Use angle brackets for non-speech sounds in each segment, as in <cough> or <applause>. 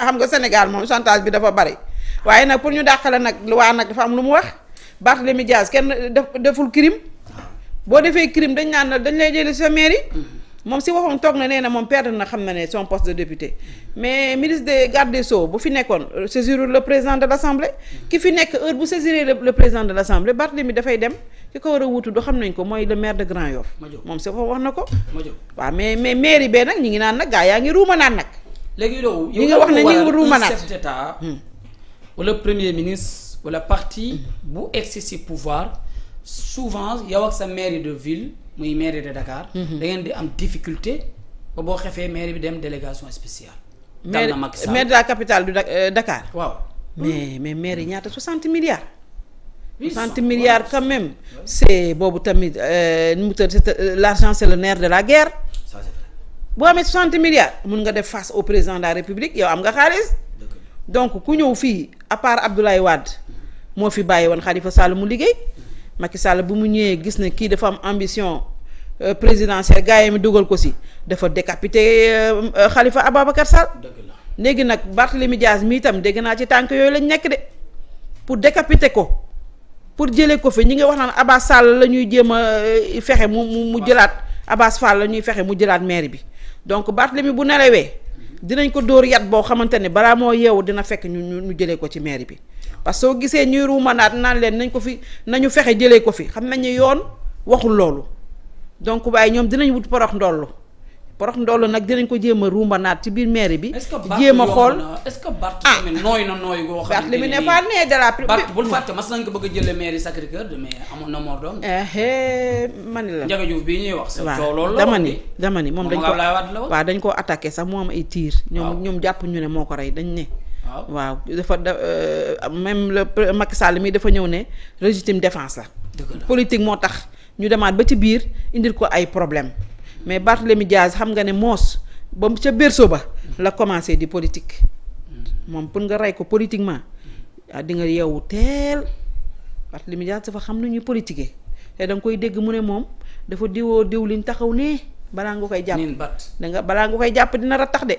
xam nga Sénégal moom chantage bi dafa bari waaye nag pour ñu dàqale nag luwa waa nag dafa am lu mu wax Barthélemy Dias kenn deful crime boo defee crime dañ naan dañ lay jëli sa mairie moom si waxoon toog na nee na moom perdre na xam na ne son poste de député mais ministre des garde des sceaux bu fi nekkoon saisir le président de l'assemblée ki fi nekk heure bu saisir le président de l'assemblée Barthélemy dafay dem ki ko war a wutu du xam nañ ko mooy le maire de Grand Yoff moom si wax na ko waaw mais mais mairie bee nag ñi ngi naan nag gaa yaa ngi ruuma naan nag le hmm. premier ministre ou le parti hmm. bu egsi pouvoir souvent y a sa mairie de ville muy mairie de Dakar. Hmm, da ngeen di difficulté ba boo xefee mairie bi dem délégation spéciale. mais maire de la capitale de euh, Dakar. waaw mais mais mairie a 60 milliards. 60 milliards quand même. c'est bobu tamit euh, euh, l'argent c'est le nerf de la guerre boo amee 60 milliards mun nga def face au président de la république yow am nga xaalis donc ku ñëw fii à part Abdoulaye Wade moo fi bàyyi woon Khalifa Sall mu liggéey Macky Sall bu mu ñëwee gis na kii dafa am ambition euh, présidentielle gars yi mi dugal ko si dafa décapité euh, euh, Khalifa Ababacar Sall léegi nag Barthélemy Diaz mi itam dégg naa ci tànk yooyu lañ nekk de pour décapiter ko pour jëlee ko fi ñi nga wax naan Abbas Sall la ñuy jéem a fexe mu mu jëlaat Abbas Fall la ñuy fexe mu jëlaat maire bi donc Barthélemy bu nelawee dinañ ko dóor yat boo xamante ne balaa moo yeewu dina fekk ñu ñu jëlee ko ci mairie bi parce que soo gisee ñuy ruumanaat naan leen nañ ko fi nañu fexe jëlee ko fi xam nañu yoon waxul loolu donc waaye ñoom dinañ wut porox ndollu porox ndoolu nag dinañ ko jéem a ruumbanaat ci biir mairie bi. jéem a xool est-ce que Barth ah. tamit nooy na nooy goo xam ne ne pas na mor doom. Eh, eh, man la Ndiaga bii ñuy wax. coow loolu la dama ni dama ni moom dañ ko waa dañ koo attaqué sax mu am ay tiir. ñoom ñoom jàpp ñu ne moo ko rey dañ ne. waaw dafa da euh, même le Macky Sall mi dafa ñëw ne légitime défense la. politique moo tax ñu demaat ba ci biir indil ko ay problème mais Barthélemy Diaz xam nga ne moos ba ca berceau ba la commencé di politique moom pour nga rey ko politiquement ah, di nga yeewu teel Barthélemy Diaz dafa xam nu ñuy politiquer te da nga koy dégg mu ne moom dafa diwoo diwlin taxaw ne balaa nga koy jàpp da nga balaa nga koy jàpp dina ratax de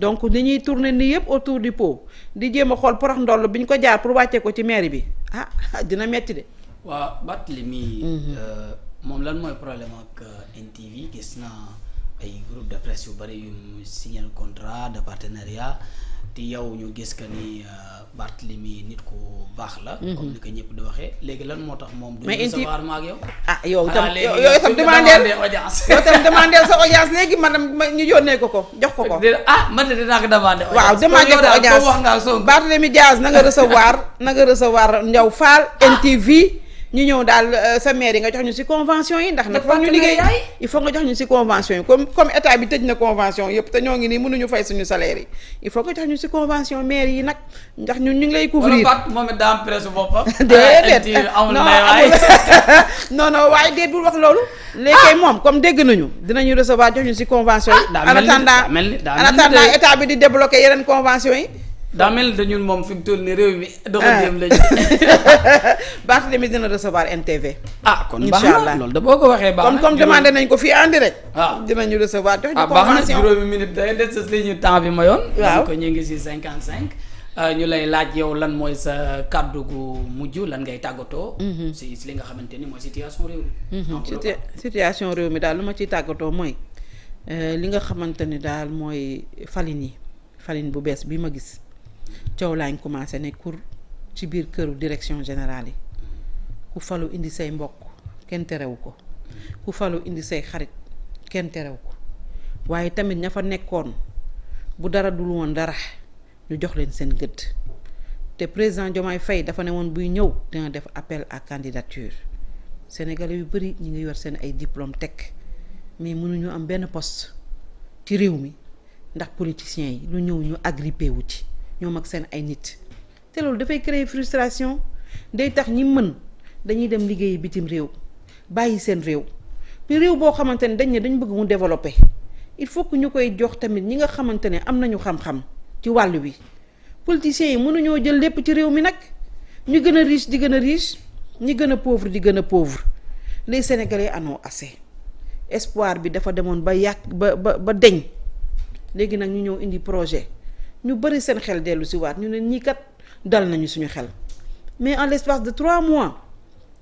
donc ni ñuy tourner ni yëpp autour du pot di jéem a xool porox ndoll bi ñu ko jaar pour wàccee ko ci mairie bi ah <laughs> dina metti de waaw Barthélemy mhm. euh, moom lan mooy problème ak euh, NTV gis na ay groupe de presse yu bëri yu mu signé contrat de partenariat te yow ñu gis que ni euh, Barthélemy nit ku baax la. Mhm. comme ni ko ñëpp di waxee léegi lan moo tax moom. mais inti du ma ak yow. ah tam yow itam demandé <laughs> léegi madame ma ñu yónnee ko ko jox ko ko. <laughs> ah man de dinaa ko demandé. waaw demandé ko audience kon yow daal wax nga Barthélemy Diaz na nga recevoir na nga recevoir ñu ñëw daal euh, sa maire yi nga jox ñu ci convention yi ndax nag foog ñu liggéey il faut nga jox ñu ci convention yi comme comme état bi tëj na convention yëpp te ñoo ngi nii mënuñu fay suñu salaire yi il faut nga jox ñu ci convention maire yi nag ndax ñun ñu ngi lay couvrir moom it daa am presse boppam <laughs> ah, déedéet <laughs> non non waaye déet bul wax loolu ah. léegi moom comme dégg nañu dinañu recevoir jox ñu ci convention yi ah, en attendant en attendant état bi di débloquer yeneen convention yi daa mel ni dañun moom fi mu toll nii réew mi doxandéem lañu <laughs> Barthélemy dina recevoir MTV. ah kon baax na loolu da boo ko waxee baax na kon comme demandé nañ ko fii en direct. waaw ah. dinañu recevoir jox ñu ah, convention li ñu temps bi mayoon. waaw ko ñu si 55. Euh, ñu lay laaj yow lan mooy sa kàddu gu mujj lan ngay tàggatoo. Mhm. si si li nga xamante mooy situation réew mi. Mhm. situation daal lu ma ciy tàggatoo mooy euh, li nga xamante ni daal mooy falin yi falin bu bees bi ma gis coow laañ commencé ne kur ci biir këru direction générale yi. ku falu indi say mbokk kenn terewu ko ku falu indi say xarit kenn terewu ko waaye tamit ña fa nekkoon bu dara dul woon dara ñu jox leen seen gëdd te président Diomaye Faye dafa ne woon buy ñëw dina def appel à candidature sénégalais yu bëri ñi ngi yor seen ay diplôme teg mais mënuñu am benn post ci réew mi ndax politiciens yi lu ñëw ñu agrippé wu ci ñoom ak seen ay nit te loolu dafay créer frustration day tax ñi mën dañuy dem liggéeyi bitim réew bàyyi seen réew bi réew boo xamante ne dañ ne dañ bëgg mu développer il faut que ñu koy jox tamit ñi nga xamante ne am nañu xam-xam ci wàll wi politiciens yi mënuñoo jël lépp ci réew mi nag ñu gën a riche di gën a riche ñi gën a pauvre di gën a pauvre les sénégalais en assez espoir bi dafa demoon ba yàq ba ba ba deñ léegi nag ñu ñëw indi projet ñu bëri seen xel dellu si waat ñu ne ñii kat dal nañu suñu xel mais en l'espace de trois mois.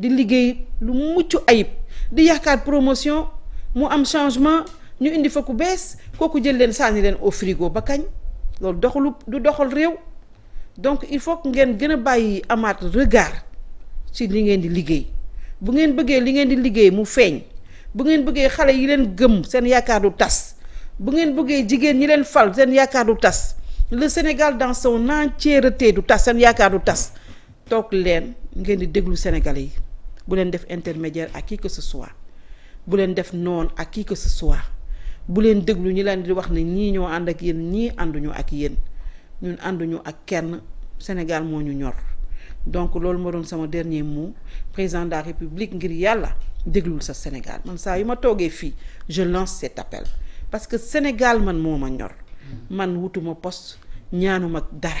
di liguey lu muccu ayib di promotion mu am changement ñu indi fa ku bees kooku jël len sañi len au frigo ba kagn loolu doxalu du doxal rew donc il faut que ngeen gën bayyi amat regard ci li ngeen di liguey bu ngeen bëgge li ngeen di liguey mu feñ bu ngeen bëgge xalé yi len gëm sen yaakaar du tas bu ngeen bëgge ñi len fal sen yaakaar du tas le Sénégal dans son entièreté du tas sen yaakaar du tas tok len ngeen di déglu Sénégalais bu def intermédiaire ak qui que ce soit bu non def non ak qui que ce soit bu leen déglu ñi leen di wax ni ñi ñoo and ak yéen ak yeen ñun ak kenn Sénégal moo ñu ñor donc lool moo doon sama dernier mot président de la République ngir yalla déglul sa Sénégal man saa yuma ma fi je lance cet appel parce que Sénégal man moo ñor man wutuma poste ñaanuma dara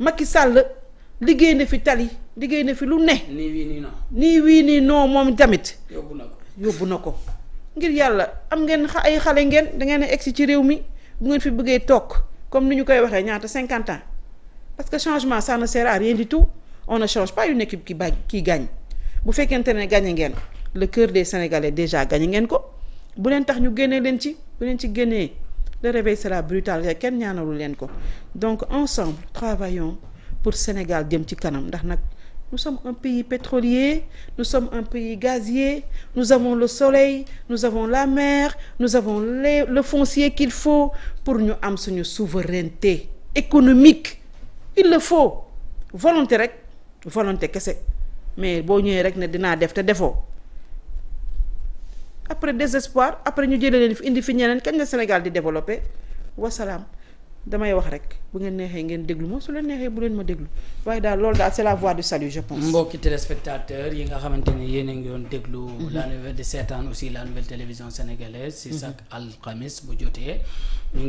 Macky Sall liggéey na fi tali liggéey na fi lu ne. ni wi ni non. ni wi ni non mom tamit. yobunako yobunako ngir yalla am ngeen xa ay xalé ngeen da ngeen a ci réew mi bu ngeen fi bëggee tok comme niñu koy waxé ñaata 50 ans parce que changement ça ne sert à rien du tout on ne change pas une équipe qui qui gagne bu fekkente ne gagné ngeen le cœur des Sénégalais déjà gagné ngeen ko bu len tax ñu génnee len ci bu len ci génnee le réveil sera brutal donc ensemble travaillons pour le Sénégal nous sommes un pays pétrolier nous sommes un pays gazier nous avons le soleil nous avons la mer nous avons le foncier qu'il faut pour nous amener suñu souveraineté économique il le faut volonté rek volonté ce mais boo ñëwee rek ne dinaa def des défauts après désespoir après ñu jëlee leen fi indi fi ñeneen Sénégal di développé wasalaam damay wax rek bu ngeen neexee ngeen déglu ma su leen neexee bu leen ma déglu waaye daal loolu daal c'est la voix du salut je pense. mbokki téléspectateurs yi nga xamante ni yéen a ngi doon déglu. Mhm. la nouvelle de 7 ans aussi la nouvelle télévision sénégalaise. si chaque mhm. alxamis bu jotee.